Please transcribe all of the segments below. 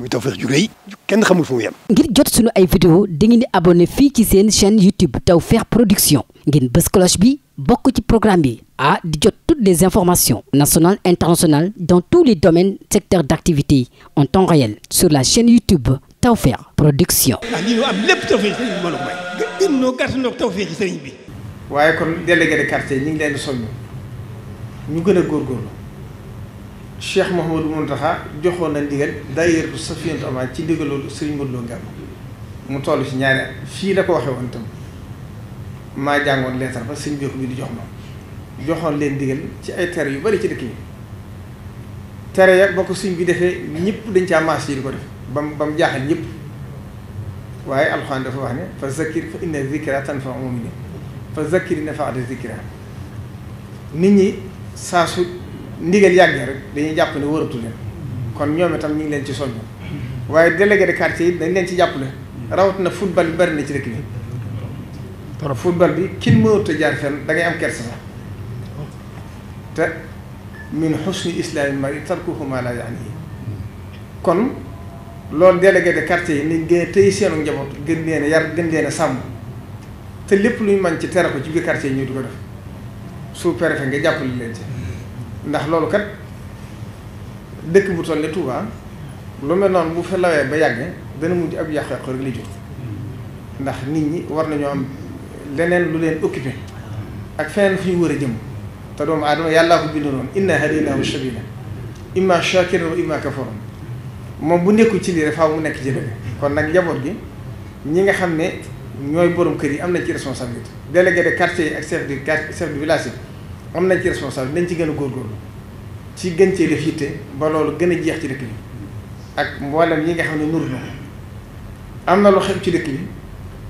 muy Tawfekh ju rëy kenn xamul fu mu yem. ngir jot sunu ay vidéo dangeen di abonné fii ci seen chaîne YouTube Tawfekh Production ngeen bës bi bokk ci programme bi ah di jot toutes des informations nationales internationales dans tous les domaines secteurs d'activité en temps réel sur la chaine YouTube Tawfekh Production. ah lii ñu am lépp Tawfekh sëriñ bi mën a may. gën gën ñoo gàtt bi. waaye kon délégué de quartier ñu ngi leen di soññ ñu gën a góorgóorlu. Cheikh Mouhamadou Mountakha joxoon na ndigal daayira bu Safinatoul Amaan ci ndigaloolu Sëriñ Modou Lo Gàmmu mu toll ci ñaari at fii la ko waxee woon itam maa jàngoon leetar ba sëñ bi di jox ma joxoon leen ndigal ci ay tere yu bari ci dëkk yi tere ya boo ko sëñ bi defee ñëpp dañ ci maas yi di ko def ba mu ba mu jaaxal ñëpp waaye alxuraan dafa wax ne fa zakkir fa inna zikra tanfa'u mu'minin fa zakkir nafaati zikra nit ñi saa su ndigal yàggee rek dañuy jàpp ne wëratu leen kon ñoom itam ñu ngi leen ci soññ waaye délégué de quartier yi dañ leen ci jàppale rawatina football bi bari na ci dëkk bi trop football bi kin mënut a jaar fenn am kersa sax te min xusni islaami mari tarkuhu loolu de quartier yi nañ gën a téye seenu njaboot gën yar gën leen sàmm te lépp luñ mën ci tere ko ci biir quartier yi ñu di ko def sous-préfet nga jàppale leen ci ndax loolu kat dëkk bu toll ni Touba lu mel noonu bu fa ba yàgg dana mujj ab yàq-yàq rek jur ndax nit ñi war nañoo am leneen lu leen occupé ak feneen fu war a jëm te doomu aadama yàllaa ko bind noonu inna hadaynahu sabila imma shakiran wa imma kafura moom bu nekkul ci lii rek mu nekk ci dëgg kon nag jaboot gi ñi nga xam ne ñooy borom kër yi am na ci responsabilité délégué de quartier yi ak chef de quartier chef de village am nañ ci responsable nañ ci gën a góorgóorlu ci gën cee def yitte ba loolu gën a jeex ci dëkk bi ak mboolem yi nga xam ne nur na ko am na lu xew ci dëkk bi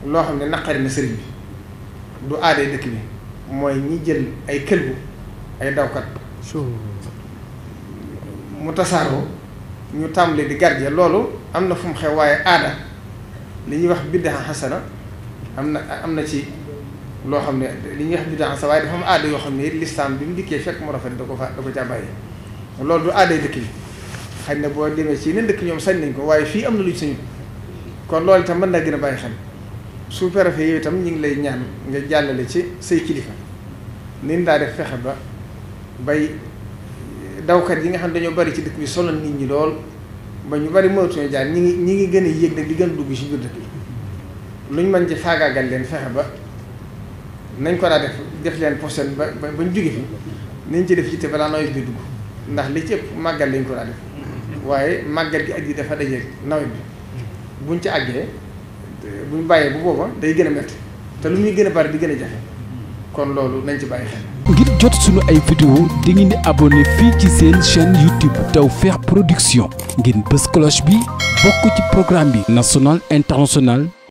loo xam ne naqari na sëriñ bi du aadee dëkk bi mooy ñi jël ay këlbu ay dawkat mu tasaaroo ñu tàmbali di gardien loolu am na fu mu xew waaye aada li ñuy wax biddaa xasana am na am na ci loo xam ne li ñuy wax bidaa sa waaye dafa am aada yoo xam ne lislaam bi mu dikkee fekk mu rafet da ko fa da ko bàyyi loolu du aaday dëkk yi xëy na boo demee ci yeneen dëkk ñoom sañ nañ ko waaye fii am na lu ci sañu kon loolu itam mën naa gën a bàyyi xel sous-préfet yooyu itam ñu ngi lay ñaan nga jàllale ci say kilifa nin daa def fexe ba bay dawkat yi nga xam ne dañoo bari ci dëkk bi sonal nit ñi lool ba ñu bari moytuñu jaar ñi ngi ñi ngi gën a yéeg nag di gën a dugg ci biir dëkk bi luñ mën ci faagaagal leen fexe ba nañ ko daa def def leen prochaine ba ba ñu jóge fi nañ ci def yitte balaa nawet bi dugg ndax li ci ëpp màggal lañ ko daa def waaye màggal gi ak yi dafa dajeeg nawet bi buñ ci àggee buñ bàyyee bu booba day gën a te lu muy gën a bari di gën a jafe kon loolu nañ ci bàyyi xel. ngir jot suñu ay vidéo di ngeen di abonné fii ci seen chaîne YouTube Tawfekh Production ngeen bës cloche bi bokk ci programme bi national international